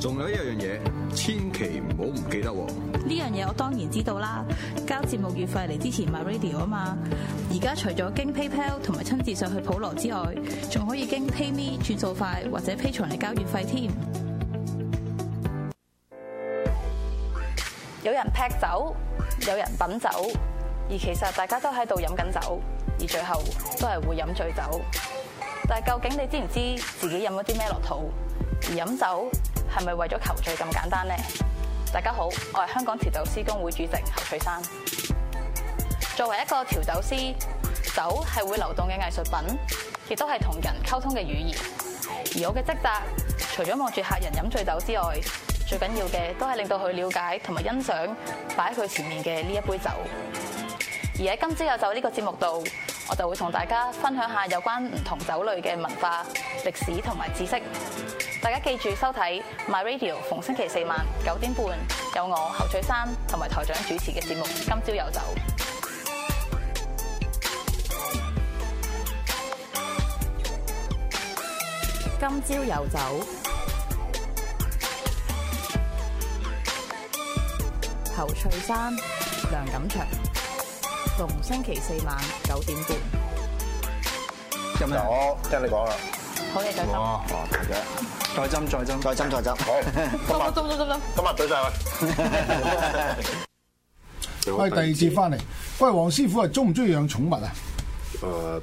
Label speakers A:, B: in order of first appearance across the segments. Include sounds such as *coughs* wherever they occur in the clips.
A: 仲有一樣嘢，千祈唔好唔
B: 記得喎！呢樣嘢我當然知道啦，交節目月費嚟支持 MyRadio 啊嘛。而家除咗經 PayPal 同埋親自上去普羅之外，仲可以經 PayMe 轉數快或者 Patreon 嚟交月費添。有人劈酒，有人品酒，而其實大家都喺度飲緊酒，而最後都係會飲醉酒。但係究竟你知唔知自己飲咗啲咩落肚？而飲酒，係咪為咗求醉咁簡單呢？大家好，我係香港調酒師工會主席侯翠山。作為一個調酒師，酒係會流動嘅藝術品，亦都係同人溝通嘅語言。而我嘅職責，除咗望住客人飲醉酒之外，最緊要嘅都係令到佢了解同埋欣賞擺喺佢前面嘅呢一杯酒。而喺今朝有酒呢個節目度，我就會同大家分享下有關唔同酒類嘅文化、歷史同埋知識。大家記住收睇 My Radio，逢星期四晚九點半有我侯翠珊同埋台長主持嘅節目《今朝有酒》，《今朝有酒》，侯翠珊、梁錦祥，逢星期四晚九點半。咁啊，我聽你講啦。好嘅，台長。再斟，再斟，再斟，再斟。好，今日針都執啦。今日多謝你。喂，第二
C: 次翻嚟，喂，黃師傅係中唔中意養寵物啊？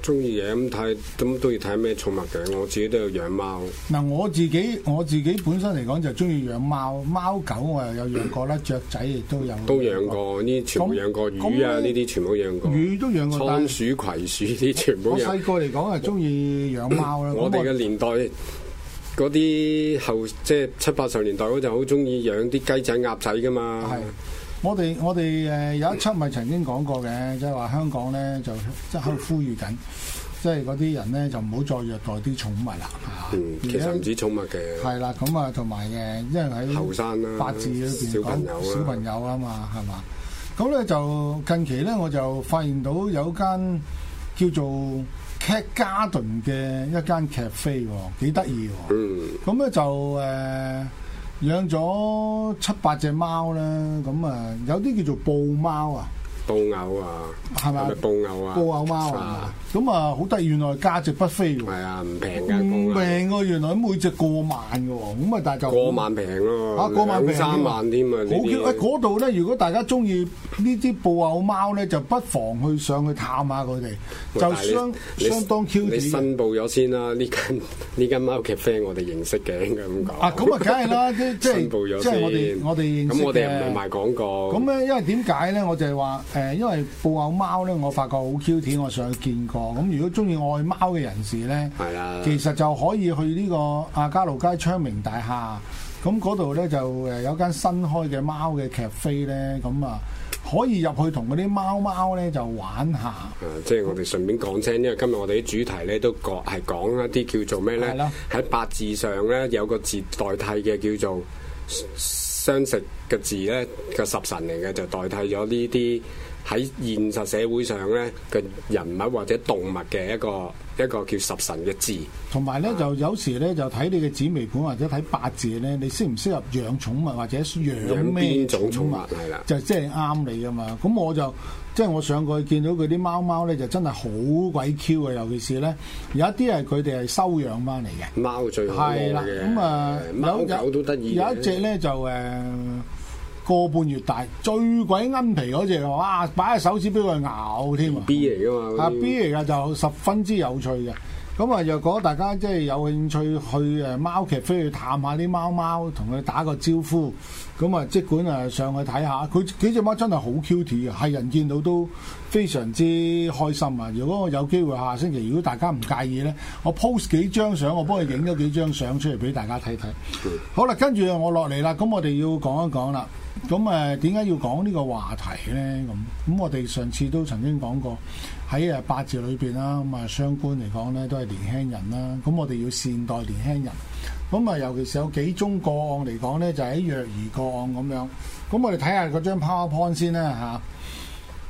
C: 誒，
A: 中意嘅，咁睇，咁都要睇咩寵物嘅。我自己都有養貓。
C: 嗱，我自己我自己本身嚟講就中意養貓，貓狗我又有養過啦，雀仔亦都有。
A: 都養過呢，全部養過魚啊，呢啲全部養過。魚都養過，倉鼠、葵鼠呢，全部。我細
C: 個嚟講係中意養貓啦。我哋嘅
A: 年代。嗰啲後即係七八十年代嗰陣，好中意養啲雞仔、鴨仔噶嘛。
C: 係的，我哋我哋誒有一輯咪曾經講過嘅，即係話香港咧就即係喺度呼籲緊，即係嗰啲人咧就唔好再虐待啲寵物啦。嗯，且其實唔止
A: 寵物嘅。
C: 係啦，咁啊同埋誒，因為喺後生、啊，八字裏邊講小朋友啊小朋友嘛，係嘛？咁咧就近期咧，我就發現到有間叫做。劇嘉頓嘅一間 cafe 喎，幾得意喎。嗯、呃，咁咧就誒養咗七八隻貓啦。咁啊，有啲叫做布貓啊。布偶啊，係咪？布偶啊，布偶貓啊，咁啊，好得意，原來價值不菲喎。係啊，唔平噶，唔平噶，原來每隻過萬噶，咁啊，但就過萬
A: 平咯，啊，過萬平三萬添啊。好 Q，喺
C: 嗰度咧，如果大家中意呢啲布偶貓咧，就不妨去上去探下佢哋，就相相當 Q。啲！申
A: 報咗先啦，呢間呢間貓咖啡我哋認識嘅，應該咁講。啊，咁啊，梗係啦，即即係即係我哋我哋認識嘅。咁我哋唔係賣廣告。咁
C: 咧，因為點解咧？我就係話。誒，因為布偶貓咧，我發覺好 Q 我上去見過。咁如果中意愛貓嘅人士咧，的其實就可以去呢個亞加路街昌明大廈。咁嗰度咧就誒有間新開嘅貓嘅咖啡咧，咁啊可以入去同嗰啲貓貓咧就玩下。誒的，嗯、
A: 即係我哋順便講聲，因為今日我哋啲主題咧都講係講一啲叫做咩咧？喺的八字上咧有個字代替嘅叫做傷食嘅字咧，個十神嚟嘅，就代替咗呢啲。喺現實社會上咧嘅人物或者動物嘅一個一個叫十神嘅字，
C: 同埋咧就有時咧就睇你嘅紫微盤或者睇八字咧，你適唔適合養寵物或者養咩寵物？係啦的，就即係啱你㗎嘛。咁我就即係我上過去見到佢啲貓貓咧，就真係好鬼 Q 啊！尤其是咧，有一啲係佢哋係收養翻嚟嘅
A: 貓最好嘅。係啦，咁、嗯、啊的，有有都得意有一隻
C: 咧就誒。就嗯個半月大，最鬼奀皮嗰隻，哇！擺隻手指俾佢咬添啊！B
A: 嚟噶嘛？啊 B 嚟
C: 噶就十分之有趣嘅。咁啊，若果大家即係有興趣去誒貓劇飛去探下啲貓貓，同佢打個招呼，咁啊，即管啊，上去睇下。佢幾隻貓真係好 cute 嘅，係人見到都非常之開心啊！如果我有機會下星期，如果大家唔介意咧，我 post 幾張相，我幫佢影咗幾張相出嚟俾大家睇睇。好啦，跟住我落嚟啦，咁我哋要講一講啦。咁誒點解要講呢個話題咧？咁咁我哋上次都曾經講過喺誒八字裏邊啦，咁啊相關嚟講咧都係年輕人啦。咁我哋要善待年輕人。咁啊，尤其是有幾宗個案嚟講咧，就喺虐兒個案咁樣。咁我哋睇下嗰張 PowerPoint 先啦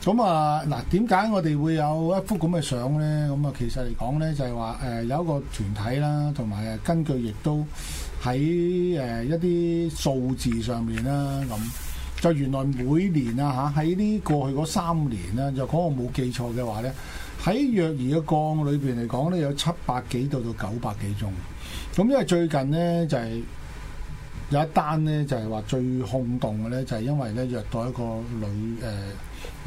C: 嚇。咁啊嗱，點解我哋會有一幅咁嘅相咧？咁啊，其實嚟講咧就係話誒有一個團體啦，同埋誒根據亦都，喺誒一啲數字上面啦，咁就原來每年啊嚇，喺呢過去嗰三年咧，就嗰個冇記錯嘅話咧，喺虐兒嘅降裏邊嚟講咧，有七百幾度到九百幾宗。咁因為最近咧就係有一單咧就係話最轟動嘅咧，就係因為咧虐待一個女誒、呃、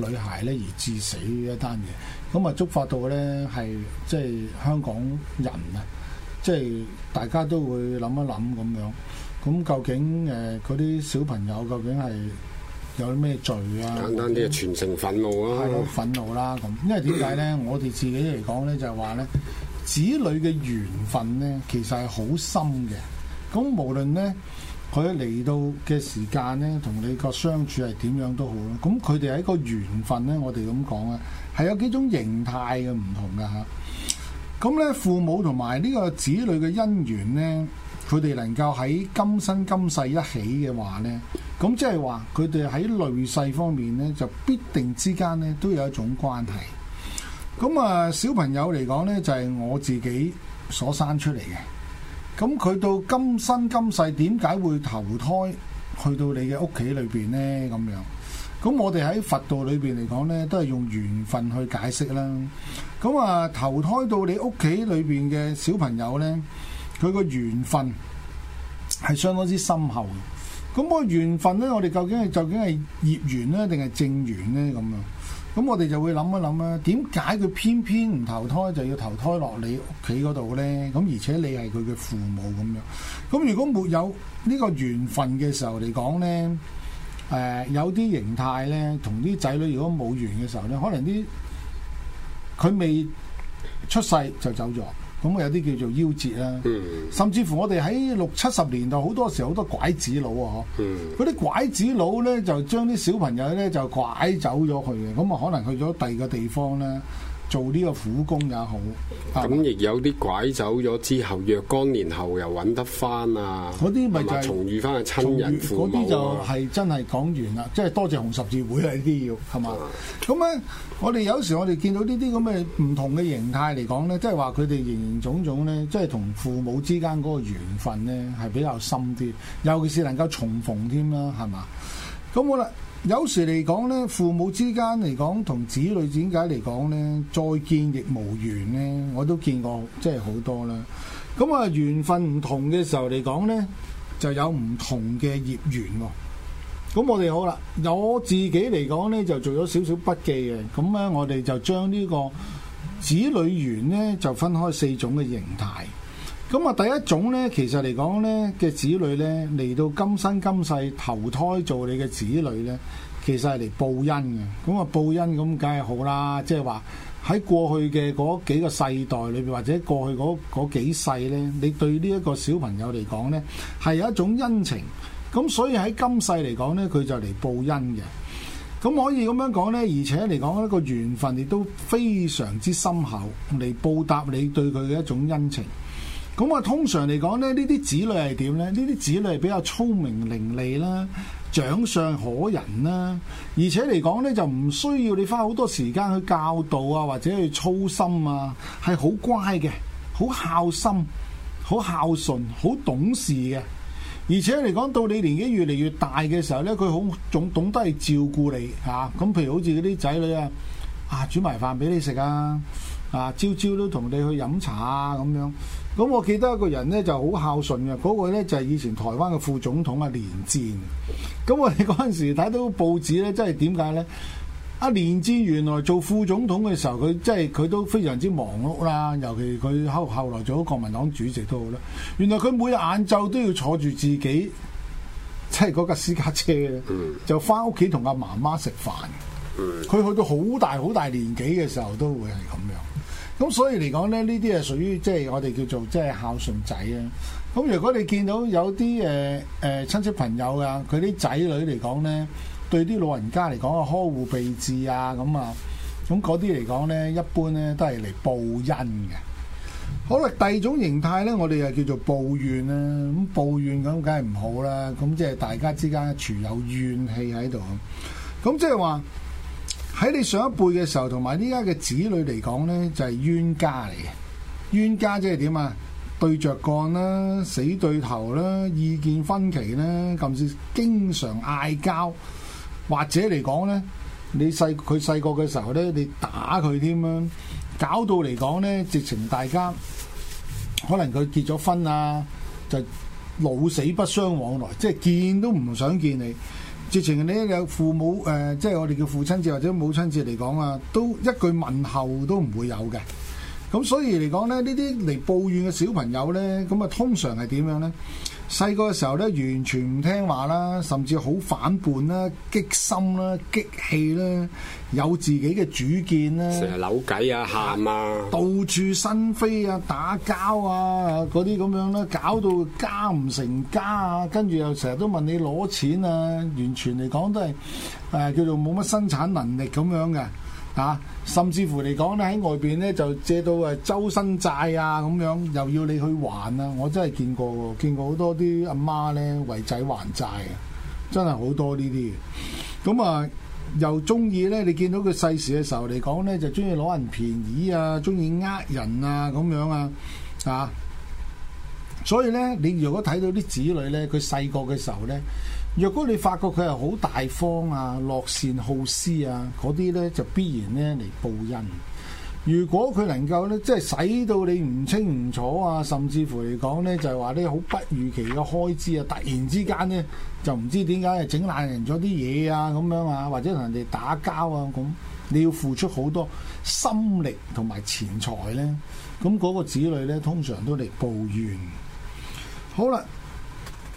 C: 女孩咧而致死一單嘢，咁啊觸發到咧係即係香港人啊！即係大家都會諗一諗咁樣，咁究竟誒嗰啲小朋友究竟係有咩罪啊？簡單啲
A: 係全城憤怒咯、啊嗯，
C: 憤怒啦、啊、咁。因為點解咧？ *coughs* 我哋自己嚟講咧，就係話咧，子女嘅緣分咧，其實係好深嘅。咁無論咧佢嚟到嘅時間咧，同你個相處係點樣都好啦。咁佢哋係一個緣分咧，我哋咁講啊，係有幾種形態嘅唔同㗎嚇。咁咧，父母同埋呢個子女嘅姻緣呢，佢哋能夠喺今生今世一起嘅話呢，咁即係話佢哋喺累世方面呢，就必定之間呢都有一種關係。咁啊，小朋友嚟講呢，就係我自己所生出嚟嘅。咁佢到今生今世點解會投胎去到你嘅屋企裏邊呢？咁樣。咁我哋喺佛道裏邊嚟講呢，都係用緣分去解釋啦。咁啊，投胎到你屋企裏邊嘅小朋友呢，佢個緣分係相當之深厚嘅。咁個緣分呢，我哋究竟係究竟係業緣咧，定係正緣呢？咁樣，咁我哋就會諗一諗啊，點解佢偏偏唔投胎，就要投胎落你屋企嗰度呢？咁而且你係佢嘅父母咁樣。咁如果沒有呢個緣分嘅時候嚟講呢，誒、呃，有啲形態呢，同啲仔女如果冇緣嘅時候呢，可能啲。佢未出世就走咗，咁啊有啲叫做夭折啦。甚至乎我哋喺六七十年代，好多時候好多拐子佬啊，嗬。嗰啲拐子佬呢，就將啲小朋友呢，就拐走咗去嘅，咁啊可能去咗第二個地方呢。做呢個苦工也好，
A: 咁亦有啲拐走咗之後，若干年後又
C: 揾得翻啊！嗰啲咪就係重遇翻個親人，嗰啲就係真係講完啦。即係多謝紅十字會啊！呢啲要係嘛？咁咧，我哋有時我哋見到呢啲咁嘅唔同嘅形態嚟講咧，即係話佢哋形形種種咧，即係同父母之間嗰個緣分咧係比較深啲，尤其是能夠重逢添啦，係嘛？咁我咧。有時嚟講呢父母之間嚟講同子女點解嚟講呢？再見亦無緣呢，我都見過，真，即係好多啦。咁啊，緣分唔同嘅時候嚟講呢，就有唔同嘅業緣喎。咁我哋好啦，我自己嚟講呢，就做咗少少筆記嘅，咁呢，我哋就將呢個子女緣呢，就分開四種嘅形態。咁啊，第一種呢，其實嚟講呢嘅子女呢嚟到今生今世投胎做你嘅子女呢，其實係嚟報恩嘅。咁啊，報恩咁梗係好啦，即係話喺過去嘅嗰幾個世代裏邊，或者過去嗰嗰幾世呢，你對呢一個小朋友嚟講呢係有一種恩情，咁所以喺今世嚟講呢，佢就嚟報恩嘅。咁可以咁樣講呢，而且嚟講呢個緣分亦都非常之深厚，嚟報答你對佢嘅一種恩情。咁啊，通常嚟講咧，呢啲子女係點呢？呢啲子女係比較聰明伶俐啦，長相可人啦，而且嚟講呢，就唔需要你花好多時間去教導啊，或者去操心啊，係好乖嘅，好孝心，好孝順，好懂事嘅。而且嚟講到你年紀越嚟越大嘅時候呢，佢好總懂得去照顧你嚇。咁、啊、譬如好似嗰啲仔女啊，啊，啊煮埋飯俾你食啊，啊朝朝都同你去飲茶啊咁樣。咁我記得一個人咧，就好孝順嘅，嗰個咧就係以前台灣嘅副總統阿連戰。咁我哋嗰陣時睇到報紙咧，真係點解咧？阿連戰原來做副總統嘅時候，佢即係佢都非常之忙碌啦，尤其佢後後來做咗國民黨主席都好啦。原來，佢每日晏晝都要坐住自己，即係嗰架私家車咧，就翻屋企同阿媽媽食飯。佢去到好大好大年紀嘅時候，都會係咁樣。咁所以嚟講咧，呢啲係屬於即係、就是、我哋叫做即係、就是、孝順仔啊！咁如果你見到有啲誒誒親戚朋友噶、啊，佢啲仔女嚟講咧，對啲老人家嚟講啊，呵護備至啊，咁啊，咁嗰啲嚟講咧，一般咧都係嚟報恩嘅。好啦，第二種形態咧，我哋又叫做報怨啊！咁報怨咁梗係唔好啦，咁即係大家之間存有怨氣喺度。咁即係話，喺你上一輩嘅時候，同埋呢家嘅子女嚟講呢就係冤家嚟嘅。冤家即係點啊？對着幹啦，死對頭啦，意見分歧啦，甚至經常嗌交，或者嚟講呢，你細佢細個嘅時候呢，你打佢添啦，搞到嚟講呢，直情大家可能佢結咗婚啊，就老死不相往來，即係見都唔想見你。之前嘅有父母誒、呃，即係我哋嘅父親節或者母親節嚟講啊，都一句問候都唔會有嘅。咁所以嚟講咧，呢啲嚟報怨嘅小朋友咧，咁啊通常係點樣咧？細個嘅時候咧，完全唔聽話啦，甚至好反叛啦，激心啦、激氣啦，有自己嘅主見啦，成日
A: 扭計啊、
C: 喊啊，到處新飛啊、打交啊，嗰啲咁樣啦，搞到家唔成家啊，跟住又成日都問你攞錢啊，完全嚟講都係誒、呃、叫做冇乜生產能力咁樣嘅。啊，甚至乎嚟講咧，喺外邊咧，就借到誒，周身債啊咁樣，又要你去還啊！我真係見過，見過好多啲阿媽咧，為仔還債啊，真係好多呢啲嘅。咁啊，又中意咧，你見到佢細時嘅時候嚟講咧，就中意攞人便宜啊，中意呃人啊咁樣啊，啊！所以咧，你如果睇到啲子女咧，佢細個嘅時候咧。若果你發覺佢係好大方啊、樂善好施啊嗰啲呢，就必然呢嚟報恩。如果佢能夠呢，即係使到你唔清唔楚啊，甚至乎嚟講呢，就係話呢好不預期嘅開支啊，突然之間呢，就唔知點解又整爛人咗啲嘢啊咁樣啊，或者同人哋打交啊咁，你要付出好多心力同埋錢財呢。咁、那、嗰個子女呢，通常都嚟報怨。好啦。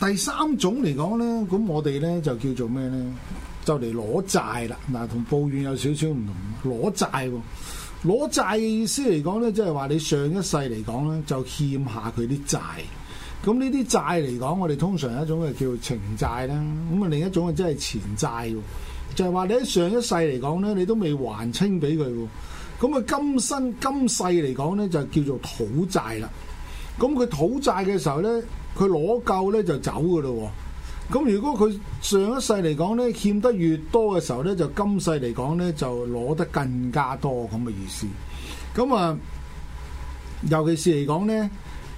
C: 第三種嚟講呢，咁我哋呢就叫做咩呢？就嚟攞債啦，嗱同報怨有少少唔同。攞債喎、哦，攞債嘅意思嚟講呢，即係話你上一世嚟講呢，就欠下佢啲債。咁呢啲債嚟講，我哋通常有一種係叫情債啦，咁、嗯、啊另一種啊真係錢債，就係、是、話你喺上一世嚟講呢，你都未還清俾佢喎。咁、嗯、啊今生今世嚟講呢，就叫做討債啦。咁、嗯、佢討債嘅時候呢。佢攞夠呢就走㗎喇喎，咁如果佢上一世嚟講呢，欠得越多嘅時候呢，就今世嚟講呢就攞得更加多咁嘅意思。咁啊，尤其是嚟講呢，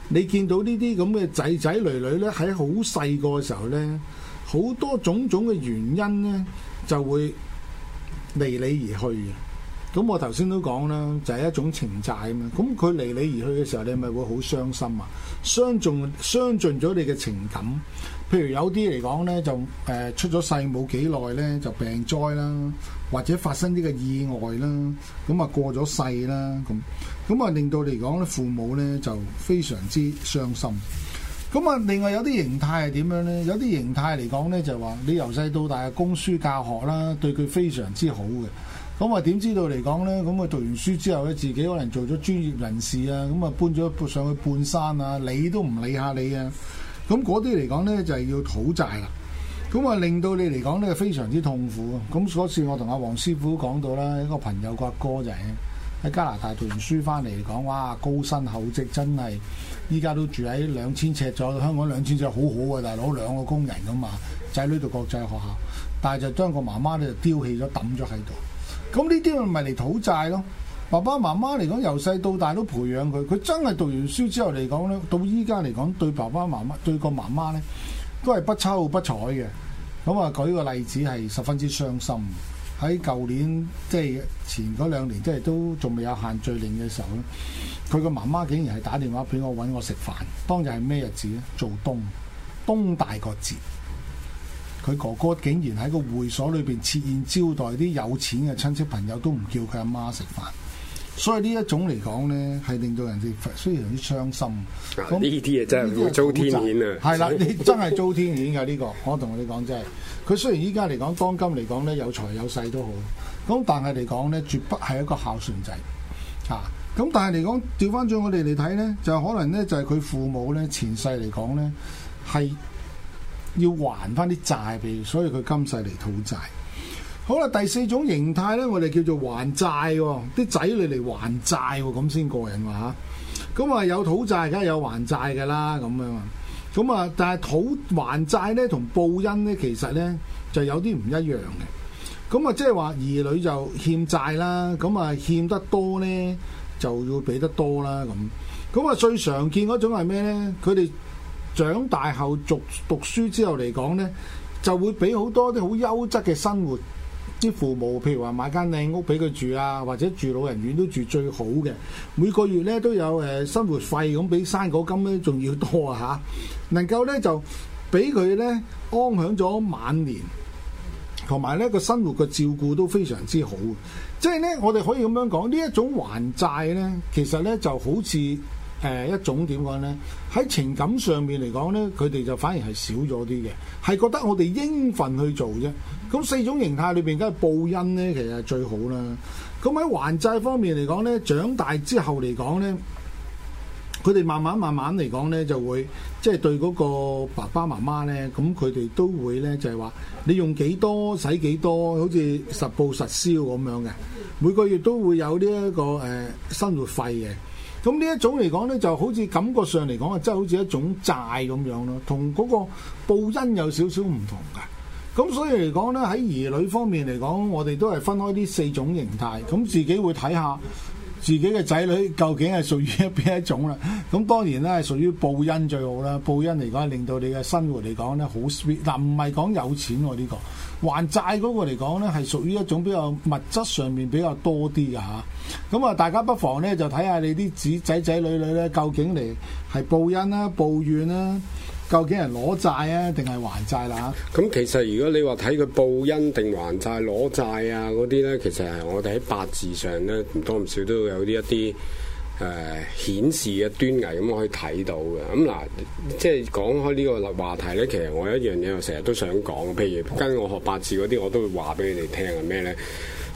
C: 你見到呢啲咁嘅仔仔女女呢，喺好細個嘅時候呢，好多種種嘅原因呢就會離你而去。咁我頭先都講啦，就係、是、一種情債啊嘛。咁佢離你而去嘅時候，你咪會好傷心啊！傷盡傷盡咗你嘅情感。譬如有啲嚟講呢，就誒、呃、出咗世冇幾耐呢，就病災啦，或者發生啲嘅意外啦，咁啊過咗世啦，咁咁啊令到嚟講呢，父母呢就非常之傷心。咁啊，另外有啲形態係點樣呢？有啲形態嚟講呢，就話你由細到大啊，供書教學啦，對佢非常之好嘅。咁啊，點知道嚟講呢，咁啊，讀完書之後咧，自己可能做咗專業人士啊，咁啊，搬咗上去半山啊，理都唔理下你啊。咁嗰啲嚟講呢，就係、是、要討債啦。咁啊，令到你嚟講呢，非常之痛苦。咁嗰次我同阿黃師傅講到啦，一個朋友個阿哥就係、是、喺加拿大讀完書翻嚟講，哇，高薪厚職真係依家都住喺兩千尺左右。香港兩千尺好好嘅，大佬兩個工人噶嘛，仔女讀國際學校，但係就將個媽媽呢，就丟棄咗抌咗喺度。咁呢啲咪嚟討債咯？爸爸媽媽嚟講，由細到大都培養佢。佢真係讀完書之後嚟講咧，到依家嚟講對爸爸媽媽對個媽媽咧，都係不瞅不睬嘅。咁啊，舉個例子係十分之傷心。喺舊年即係前嗰兩年，即係都仲未有限聚令嘅時候咧，佢個媽媽竟然係打電話俾我搵我食飯。當日係咩日子咧？做冬，冬大個節。佢哥哥竟然喺個會所裏邊設宴招待啲有錢嘅親戚朋友，都唔叫佢阿媽食飯。所以呢一種嚟講呢，係令到人哋非常之啲傷心。呢
A: 啲嘢真係遭天譴啊！係啦那，你真
C: 係遭天譴㗎呢個。我同你講真係，佢雖然依家嚟講，當今嚟講呢，有財有勢都好，咁但係嚟講呢，絕不係一個孝順仔。啊！咁但係嚟講，調翻轉我哋嚟睇呢，就可能呢，就係、是、佢父母呢，前世嚟講呢，係。要還翻啲債俾，所以佢今世嚟討債。好啦，第四種形態咧，我哋叫做還債喎、哦，啲仔女嚟還債喎、哦，咁先過癮話嚇。咁啊有討債，梗係有還債嘅啦，咁樣。咁啊，但係討還債咧，同報恩咧，其實咧就有啲唔一樣嘅。咁啊，即係話兒女就欠債啦，咁啊欠得多咧就要俾得多啦，咁。咁啊最常見嗰種係咩咧？佢哋。長大後讀讀書之後嚟講呢就會俾好多啲好優質嘅生活，啲父母譬如話買間靚屋俾佢住啊，或者住老人院都住最好嘅。每個月呢都有誒、呃、生活費咁，比生果金呢仲要多啊嚇！能夠呢就俾佢呢安享咗晚年，同埋呢個生活嘅照顧都非常之好即係、就是、呢，我哋可以咁樣講，呢一種還債呢，其實呢就好似～誒一種點講呢？喺情感上面嚟講呢，佢哋就反而係少咗啲嘅，係覺得我哋應份去做啫。咁四種形態裏邊，梗係報恩呢，其實最好啦。咁喺還債方面嚟講呢，長大之後嚟講呢，佢哋慢慢慢慢嚟講呢，就會即係、就係、對嗰個爸爸媽媽呢，咁佢哋都會呢，就係話，你用幾多使幾多，好似實報實銷咁樣嘅，每個月都會有呢一個誒生活費嘅。咁呢一種嚟講呢，就好似感覺上嚟講啊，即係好似一種債咁樣咯，同嗰個報恩有少少唔同㗎。咁所以嚟講呢，喺兒女方面嚟講，我哋都係分開呢四種形態，咁自己會睇下。自己嘅仔女究竟係屬於邊一種啦？咁當然咧係屬於報恩最好啦。報恩嚟講，係令到你嘅生活嚟講咧好 sweet，但唔係講有錢喎呢、呢個。還債嗰個嚟講咧係屬於一種比較物質上面比較多啲㗎嚇。咁啊，大家不妨咧就睇下你啲子仔仔女女咧究竟嚟係報恩啦、啊、報怨啦、啊。究竟係攞債啊，定係還債啦、啊？
A: 咁其實如果你話睇佢報恩定還,還債攞債啊嗰啲呢，其實係我哋喺八字上呢，唔多唔少都有啲一啲誒、呃、顯示嘅端倪咁我可以睇到嘅。咁嗱，即係講開呢個話題呢，其實我一樣嘢我成日都想講，譬如跟我學八字嗰啲，我都會話俾你哋聽係咩呢？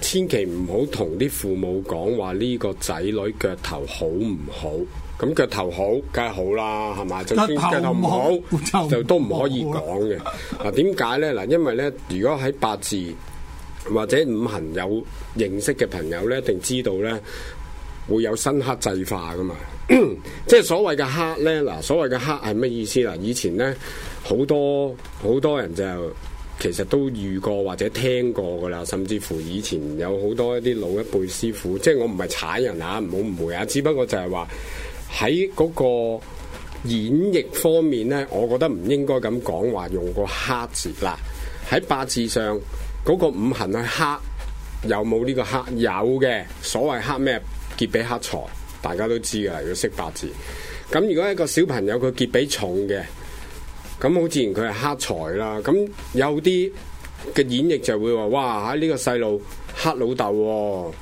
A: 千祈唔好同啲父母講話呢個仔女腳頭好唔好。咁腳頭好梗係好啦，係嘛？就算腳頭唔好，就，不就都唔可以講嘅。嗱，點解咧？嗱，因為咧，如果喺八字或者五行有認識嘅朋友咧，一定知道咧，會有生剋制化噶嘛。 *coughs* 即係所謂嘅剋咧，嗱，所謂嘅剋係咩意思啦？以前咧，好多好多人就其實都遇過或者聽過噶啦，甚至乎以前有好多一啲老一輩師傅，即係我唔係踩人嚇、啊，唔好誤會啊！只不過就係話。喺嗰個演繹方面咧，我覺得唔應該咁講話用個黑字啦。喺八字上嗰、那個五行係黑，有冇呢、這個黑？有嘅。所謂黑咩？劫比黑財，大家都知噶，要識八字。咁如果一個小朋友佢劫比重嘅，咁好自然佢係黑財啦。咁有啲嘅演繹就會話：哇！喺、哎、呢、這個細路黑老豆喎、哦，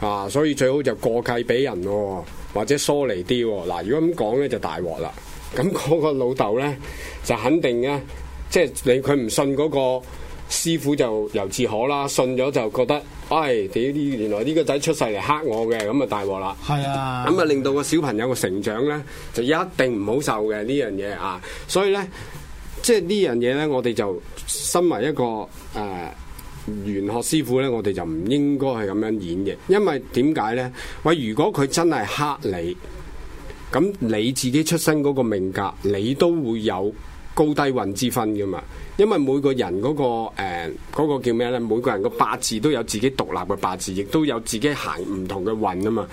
A: 啊！所以最好就過契俾人喎、哦。或者疏離啲喎，嗱，如果咁講咧就大鑊啦。咁嗰個老豆咧就肯定嘅，即係你佢唔信嗰、嗰個師傅就由自可啦，信咗就覺得，唉，屌！原來呢個仔出世嚟嚇我嘅，咁啊大鑊啦。係啊，咁啊令到個小朋友嘅成長咧就一定唔好受嘅呢樣嘢啊。所以咧，即係呢樣嘢咧，我哋就身為一個誒，呃玄學師傅呢，我哋就唔應該係咁樣演繹，因為點解呢？喂，如果佢真係黑你，咁你自己出生嗰個命格，你都會有高低運之分噶嘛？因為每個人嗰、嗰個誒嗰、欸嗰個叫咩呢？每個人個八字都有自己獨立嘅八字，亦都有自己行唔同嘅運啊嘛。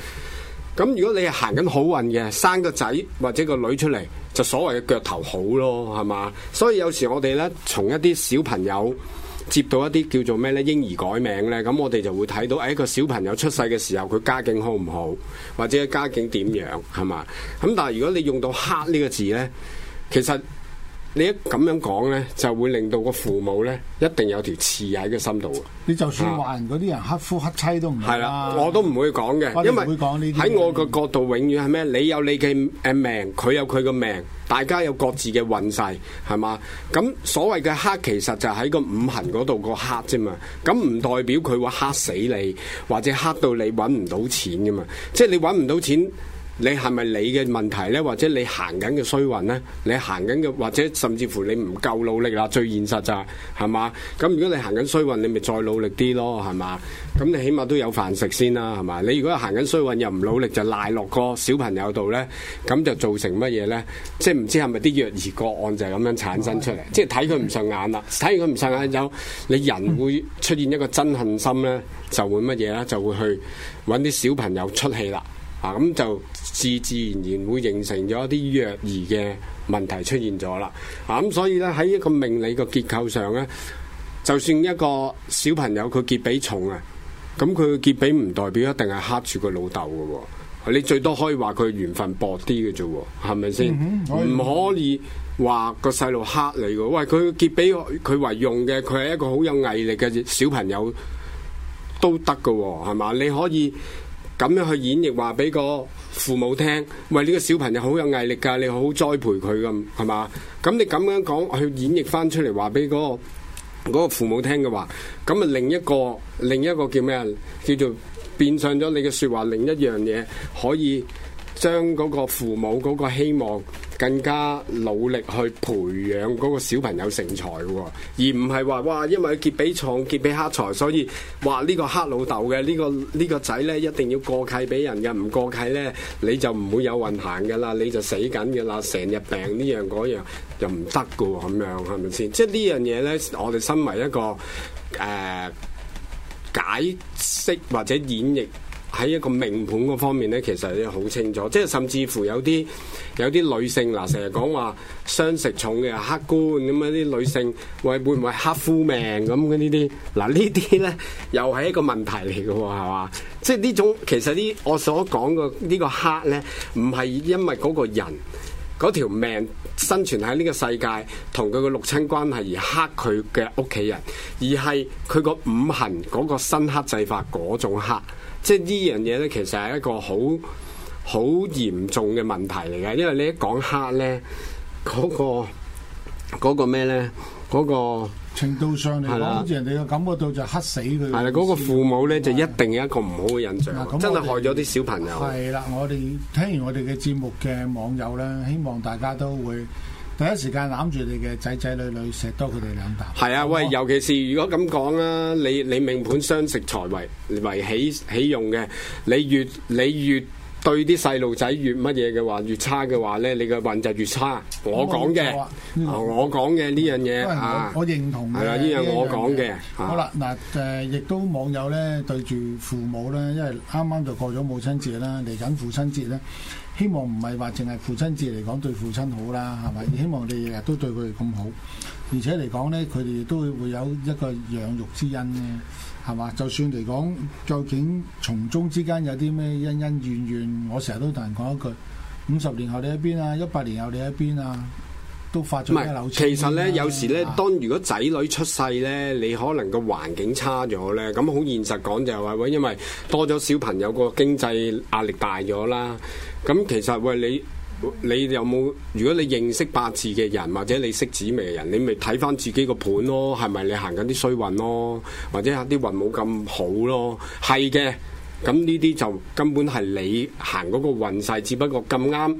A: 咁如果你係行緊好運嘅，生個仔或者個女出嚟，就所謂嘅腳頭好咯，係嘛？所以有時我哋呢，從一啲小朋友。接到一啲叫做咩呢？嬰兒改名呢，咁、嗯、我哋就會睇到誒、哎、個小朋友出世嘅時候，佢家境好唔好，或者家境點樣係嘛？咁、嗯、但係如果你用到黑呢、呢個字呢，其實。你一咁樣講呢，就會令到個父母呢，一定有條刺喺個心度。
C: 你就算話人嗰啲人克夫克妻都唔係啦。
A: 我都唔會講嘅，啊、因為喺我個角度，永遠係咩？你有你嘅誒命，佢有佢嘅命，大家有各自嘅運勢，係嘛？咁所謂嘅克，其實就喺個五行嗰度個克啫嘛。咁唔代表佢會克死你，或者克到你揾唔到錢噶嘛。即係你揾唔到錢。你係咪你嘅問題呢？或者你行緊嘅衰運呢？你行緊嘅，或者甚至乎你唔夠努力啦，最現實就係係嘛。咁如果你行緊衰運，你咪再努力啲咯，係嘛。咁你起碼都有飯食先啦，係嘛。你如果行緊衰運又唔努力，就賴落個小朋友度呢，咁就造成乜嘢呢？即係唔知係咪啲虐兒個案就係咁樣產生出嚟？即係睇佢唔順眼啦，睇完佢唔順眼就你人會出現一個憎恨心呢，就會乜嘢啦？就會去揾啲小朋友出氣啦。啊，咁就～自自然然會形成咗一啲虐兒嘅問題出現咗啦，啊、嗯、咁所以咧，喺一個命理個結構上咧，就算一個小朋友佢劫比重啊，咁佢劫比唔代表一定係剋住個老豆噶喎，你最多可以話佢緣分薄啲嘅啫，係咪先？唔 *music* 可以話個細路剋你噶，喂，佢劫比佢為用嘅，佢係一個好有毅力嘅小朋友都得噶，係嘛？你可以咁樣去演繹話俾個。父母聽，喂，呢個小朋友好有毅力㗎，你好好栽培佢咁，係嘛？咁你咁樣講去演繹翻出嚟，話俾嗰個父母聽嘅話，咁啊另一個另一個叫咩啊？叫做變相咗你嘅説話，另一樣嘢可以。將嗰個父母嗰個希望更加努力去培養嗰個小朋友成才喎，而唔係話哇，因為結俾創結俾黑財，所以話呢、呢個黑老豆嘅呢個呢、呢個仔呢，一定要過契俾人嘅，唔過契呢，你就唔會有運行嘅啦，你就死緊嘅啦，成日病呢樣嗰樣又唔得嘅喎，咁樣係咪先？即係呢樣嘢呢，我哋身為一個誒、呃、解釋或者演繹。喺一個命盤嗰方面咧，其實你好清楚，即係甚至乎有啲有啲女性嗱，成日講話傷食重嘅黑官咁樣啲女性，女性會會唔會黑夫命咁嘅呢啲？嗱呢啲咧又係一個問題嚟嘅，係嘛？即係呢種其實呢，我所講嘅呢個黑咧，唔係因為嗰個人嗰條命生存喺呢個世界，同佢嘅六親關係而黑佢嘅屋企人，而係佢個五行嗰、嗰個生克制法嗰種黑。即係呢樣嘢咧，其實係一個好好嚴重嘅問題嚟嘅，因為你一講黑咧，嗰、嗰個、嗰個咩咧，嗰、嗰個程度上嚟講，好
C: 似的人哋嘅感覺到就黑死佢。係啦，嗰、嗰個父
A: 母咧的就一定有一個唔好嘅印象，的真係害咗啲小朋友。
C: 係啦，我哋聽完我哋嘅節目嘅網友咧，希望大家都會。第一時間攬住你嘅仔仔女女，錫多佢哋兩啖。
A: 係啊，喂，我尤其是如果咁講啦，你你命盤相食財為為起起用嘅，你越你越對啲細路仔越乜嘢嘅話，越差嘅話咧，你嘅運就越差。我講嘅，我講嘅呢樣嘢我
C: 認同啊，呢樣我講嘅。啊、好啦，嗱、呃、誒，亦都網友咧對住父母咧，因為啱啱就過咗母親節啦，嚟緊父親節咧。希望唔係話淨係父親節嚟講對父親好啦，係咪？希望你日日都對佢哋咁好，而且嚟講呢，佢哋都會有一個養育之恩呢。係嘛？就算嚟講究竟從中之間有啲咩恩恩怨怨，我成日都同人講一句：五十年後你喺邊啊？一百年後你喺邊啊？唔係，都發其實咧，啊、有
A: 時咧，當如果仔女出世咧，你可能個環境差咗咧，咁好現實講就係、是、話，因為多咗小朋友個經濟壓力大咗啦。咁其實喂，你你有冇？如果你認識八字嘅人，或者你識紫微嘅人，你咪睇返自己個盤咯，係咪你行緊啲衰運咯，或者啲運冇咁好咯？係嘅，咁呢啲就根本係你行嗰個運勢，只不過咁啱。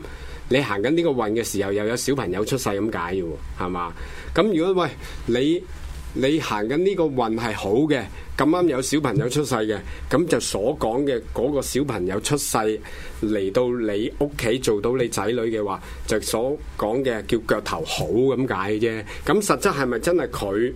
A: 你行緊呢個運嘅時候又有小朋友出世咁解嘅喎，係嘛？咁如果喂，你你行緊呢個運係好嘅，咁啱有小朋友出世嘅，咁就所講嘅嗰個小朋友出世嚟，到你屋企做到你仔女嘅話，就所講嘅叫腳頭好咁解啫。咁實質係咪真係佢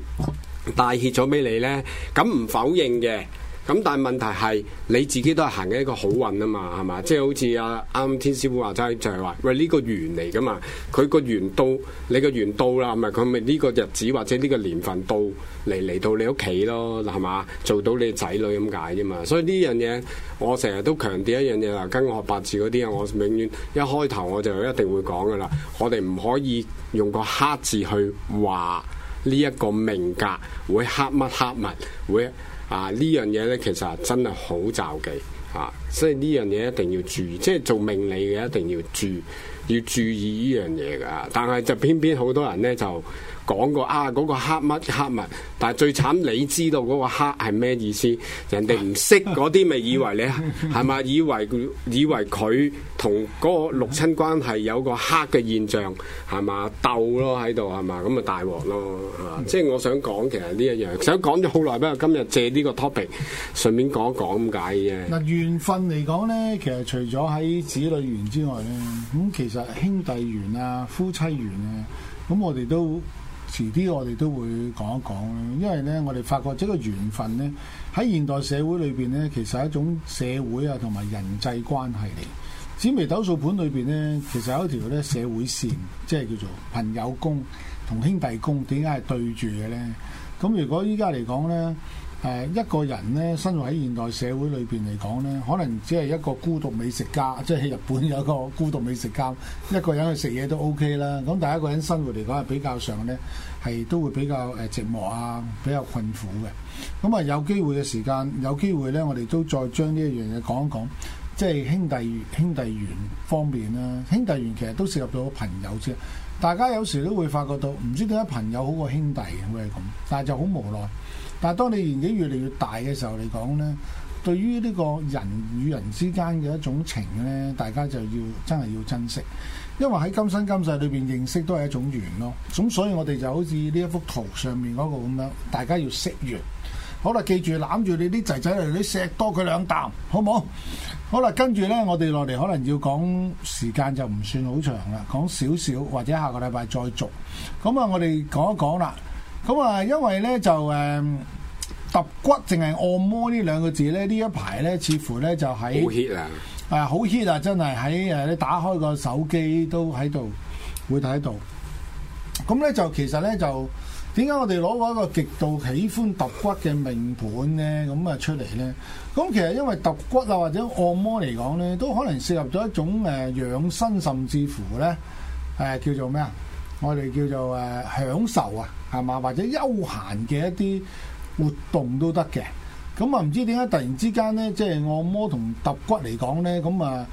A: 帶挈咗俾你呢？咁唔否認嘅。咁但係問題係你自己都係行緊一個好運啊嘛，係嘛？即係好似阿啱天師傅話齋，就係話喂呢個緣嚟噶嘛，佢個緣到你個緣到啦，咪佢咪呢個日子或者呢個年份到嚟嚟到你屋企咯，嗱係嘛？做到你仔女咁解啫嘛。所以呢樣嘢，我成日都強調一樣嘢啦，跟我學八字嗰啲啊，我永遠一開頭我就一定會講噶啦，我哋唔可以用個黑字去話呢一個命格會黑乜黑物會。啊！呢樣嘢咧，其實是真係好罩忌，忌啊！所以呢樣嘢一定要注意，即係做命理嘅一定要注意，要注意呢樣嘢㗎。但係就偏偏好多人咧就講過啊、嗰個黑乜黑物，但係最慘你知道個黑係咩意思？人哋唔識嗰啲，咪以為你係嘛？ *laughs* 以為佢以為佢同嗰個六親關係有個黑嘅現象係嘛鬥咯喺度係嘛咁啊大鑊咯嚇！嗯、即係我想講其實呢一樣，想講咗好耐，不過今日借呢個 topic 順便講一講咁解啫。 *laughs*
C: 嚟講呢，其實除咗喺子女緣之外呢，咁其實兄弟緣啊、夫妻緣啊，咁我哋都遲啲，我哋都會講一講啦。因為呢，我哋發覺這個緣分呢，喺現代社會裏邊呢，其實係一種社會啊同埋人際關係嚟。紫微斗數盤裏邊呢，其實有一條呢社會線，即係叫做朋友宮同兄弟宮，點解係對住嘅呢？咁如果依家嚟講呢。一個人咧，生活喺現代社會裏邊嚟講咧，可能只係一個孤獨美食家，即係喺日本有一個孤獨美食家，一個人去食嘢都 OK 啦。咁但係一個人生活嚟講，係比較上咧，係都會比較誒寂寞啊，比較困苦嘅。咁啊，有機會嘅時間，有機會咧，我哋都再將呢一樣嘢講一講，即係兄弟兄弟緣方面啦。兄弟緣其實都涉及到朋友啫。大家有時都會發覺到，唔知點解朋友好過兄弟嘅會係咁，但係就好無奈。但係當你年紀越嚟越大嘅時候嚟講呢，對於呢個人與人之間嘅一種情呢，大家就要真係要珍惜，因為喺今生今世裏邊認識都係一種緣咯。咁所以我哋就好似呢一幅圖上面嗰個咁樣，大家要惜緣。好啦，記住攬住你啲仔仔嚟，你錫多佢兩啖，好唔好？好啦，跟住呢，我哋落嚟可能要講時間就唔算好長啦，講少少或者下個禮拜再續。咁啊，我哋講一講啦。咁啊、嗯，因為咧就誒揼、嗯、骨淨係按摩呢兩個字咧，一呢一排咧似乎咧就喺好 hit 啊，誒好 hit 啊，真係喺誒你打開個手機都喺度會睇到。咁、嗯、咧就其實咧就點解我哋攞過一個極度喜歡揼骨嘅命盤咧咁啊出嚟咧？咁、嗯、其實因為揼骨啊或者按摩嚟講咧，都可能涉入咗一種誒、呃、養生，甚至乎咧誒、呃、叫做咩啊？我哋叫做誒享受啊，係嘛？或者休閒嘅一啲活動都得嘅。咁啊，唔知點解突然之間咧，即係按摩同揼骨嚟講咧，咁啊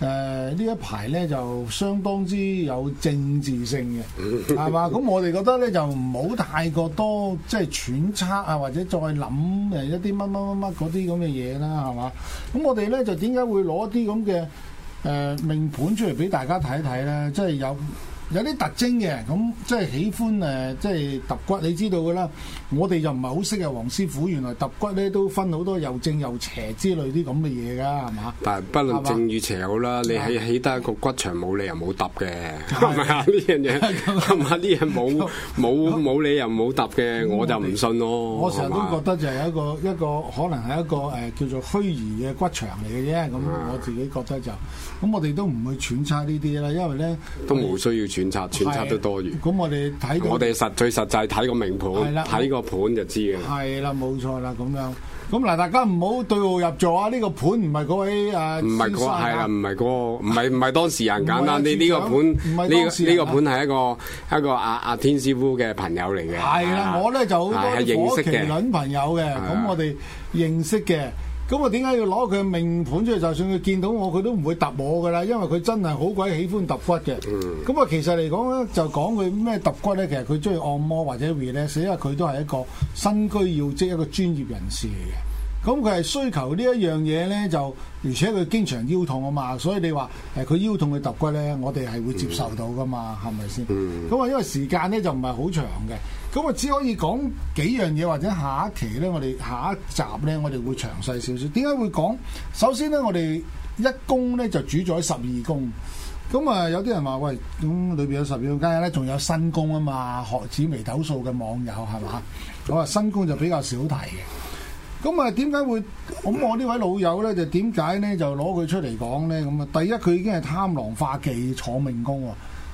C: 誒呢一排咧就相當之有政治性嘅，係嘛？咁 *laughs* 我哋覺得咧就唔好太過多即係揣測啊，或者再諗誒一啲乜乜乜乜嗰啲咁嘅嘢啦，係嘛？咁我哋咧就點解會攞啲咁嘅誒命盤出嚟俾大家睇一睇咧？即係有。有啲特徵嘅，咁即係喜歡誒即係揼骨，你知道噶啦。我哋就唔係好識啊，黃師傅。原來揼骨咧都分好多又正又邪之類啲咁嘅嘢噶，係嘛？但
A: 係不論正與邪好啦，你係起得一個骨場，冇理由冇揼嘅，係咪啊？呢樣嘢，係啊，呢樣冇冇冇理由冇揼嘅，我就唔信咯。我成日都覺
C: 得就係一個一個可能係一個誒叫做虛擬嘅骨場嚟嘅啫。咁我自己覺得就咁，我哋都唔會揣測呢啲啦，因為咧都冇
A: 需要揣。揣測都多餘，咁我哋睇我哋實最實際睇個名盤，睇的個盤就知嘅。
C: 係啦，冇錯啦，咁樣。咁嗱，大家唔好對號入座啊！呢、呢個盤唔係嗰位誒，唔係嗰，係啦，
A: 唔係嗰，唔係唔係當事人簡單啲。呢 *laughs* 個盤，呢呢個盤係一個一個阿阿、啊、天師傅嘅朋友嚟嘅。係啦的，啊、我
C: 咧就好多火麒麟朋友嘅，咁我哋認識嘅。咁我點解要攞佢嘅命盤出嚟？就算佢見到我，佢都唔會揼我噶啦，因為佢真係好鬼喜歡揼骨嘅。咁啊、嗯，其實嚟講咧，就講佢咩揼骨咧，其實佢中意按摩或者 release，因為佢都係一個身居要職，一個專業人士嚟嘅。咁佢係需求呢一樣嘢咧，就而且佢經常腰痛啊嘛，所以你話誒佢腰痛去揼骨咧，我哋係會接受到噶嘛，係咪先？咁啊，嗯、因為時間咧就唔係好長嘅，咁啊只可以講幾樣嘢，或者下一期咧，我哋下一集咧，我哋會詳細少少。點解會講？首先咧，我哋一宮咧就主宰十二宮，咁啊有啲人話喂，咁裏邊有十二宮咧，仲有新宮啊嘛，學紫微斗數嘅網友係嘛？我話新宮就比較少提嘅。咁啊，點解會？咁我呢位老友呢，就點解呢？就攞佢出嚟講呢。咁啊，第一佢已經係貪狼化忌坐命宮喎。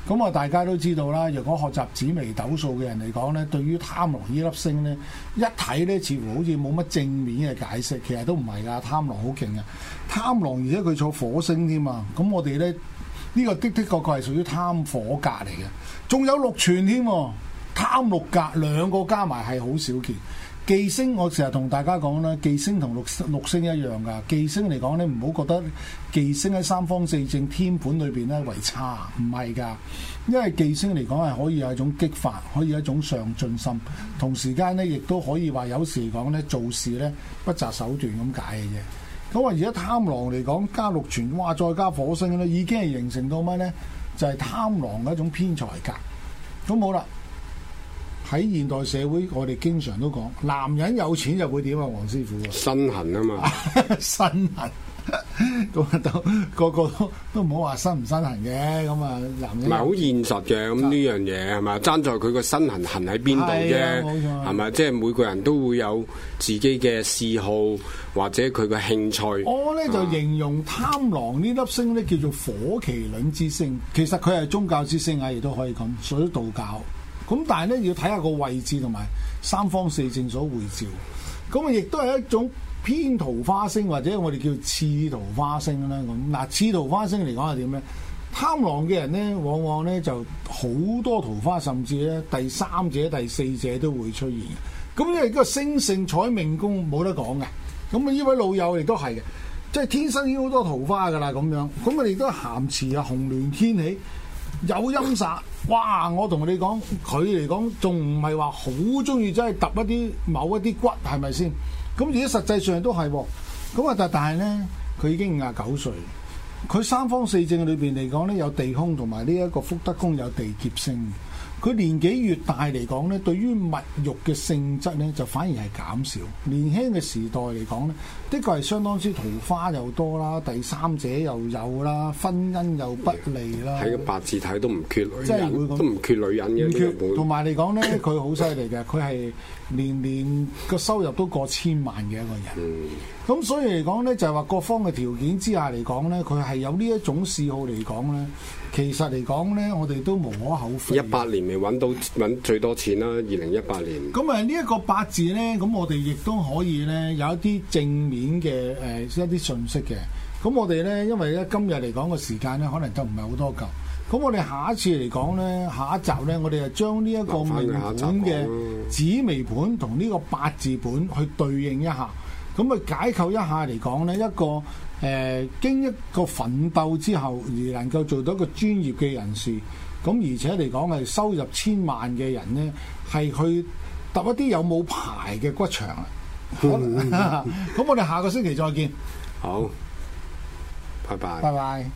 C: 咁啊，大家都知道啦。若果學習紫微斗數嘅人嚟講咧，對於貪狼呢粒星呢，一睇呢，似乎好似冇乜正面嘅解釋。其實都唔係㗎，貪狼好勁嘅。貪狼而且佢坐火星添嘛。咁我哋呢，呢、呢個的的確確係屬於貪火格嚟嘅。仲有祿存添，貪祿格兩個加埋係好少見。忌星我成日同大家講啦，忌星同六六星一樣噶。忌星嚟講咧，你唔好覺得忌星喺三方四正天盤裏邊咧為差，唔係噶。因為忌星嚟講係可以有一種激發，可以有一種上進心。同時間咧，亦都可以話有時嚟講咧，做事咧不擇手段咁解嘅啫。咁話而家貪狼嚟講加六全，哇！再加火星咧，已經係形成到乜咧？就係貪狼嘅一種偏財格。咁好啦。喺現代社會，我哋經常都講男人有錢就會點啊，黃師傅，
A: 身痕啊嘛，
C: *laughs* 身痕癢， *laughs* 都個個都都唔好話身唔身痕嘅，咁啊男人，人，唔係好
A: 現實嘅，咁呢身樣嘢係咪爭在佢個身痕痕喺邊度啫？係咪、啊？即係每個人都會有自己嘅嗜好或者佢嘅興趣。我
C: 咧就形容貪狼呢粒星咧叫做火麒麟之星，其實佢係宗教之星啊，亦都可以講屬於道教。咁但係咧要睇下個位置同埋三方四正所會照，咁啊亦都係一種偏桃花星或者我哋叫次桃花星啦。咁嗱，次桃花星嚟講係點咧？貪狼嘅人咧，往往咧就好多桃花，甚至咧第三者、第四者都會出現。咁因為嗰個星性彩命宮冇得講嘅，咁啊呢位老友亦都係嘅，即係天生已經好多桃花噶啦咁樣。咁我哋都係咸池啊、紅鸞天喜。有陰煞，哇！我同你講，佢嚟講仲唔係話好中意，真係揼一啲某一啲骨，係咪先？咁而家實際上都係喎。咁啊，但但係咧，佢已經廿九歲，佢三方四正裏邊嚟講咧，有地空同埋呢一個福德宮有地劫星。佢年紀越大嚟講咧，對於物欲嘅性質咧，就反而係減少。年輕嘅時代嚟講咧，的確係相當之桃花又多啦，第三者又有啦，婚姻又不利啦。喺
A: 個八字體都唔缺女人，即係都唔缺女人嘅。日本 缺同
C: 埋嚟講咧，佢好犀利嘅，佢係 *coughs* 年年個收入都過千萬嘅一個人。嗯。咁所以嚟講咧，就係話各方嘅條件之下嚟講咧，佢係有呢一種嗜好嚟講咧。其實嚟講咧，我哋都無可厚非。一八
A: 年未揾到揾最多錢啦，二零一八年。
C: 咁啊，呢一個八字咧，咁我哋亦都可以咧，有一啲正面嘅誒、呃、一啲信息嘅。咁我哋咧，因為咧今日嚟講個時間咧，可能都唔係好多嚿。咁我哋下一次嚟講咧，下一集咧，我哋就將呢一個命盤嘅紫微盤同呢個八字盤去對應一下。咁佢解構一下嚟講呢一個誒、呃、經一個奮鬥之後而能夠做到一個專業嘅人士，咁而且嚟講係收入千萬嘅人呢，係佢揼一啲有冇牌嘅骨場啊！咁 *laughs* *laughs* 我哋下個星期再見。 *laughs* 好，拜拜。拜拜。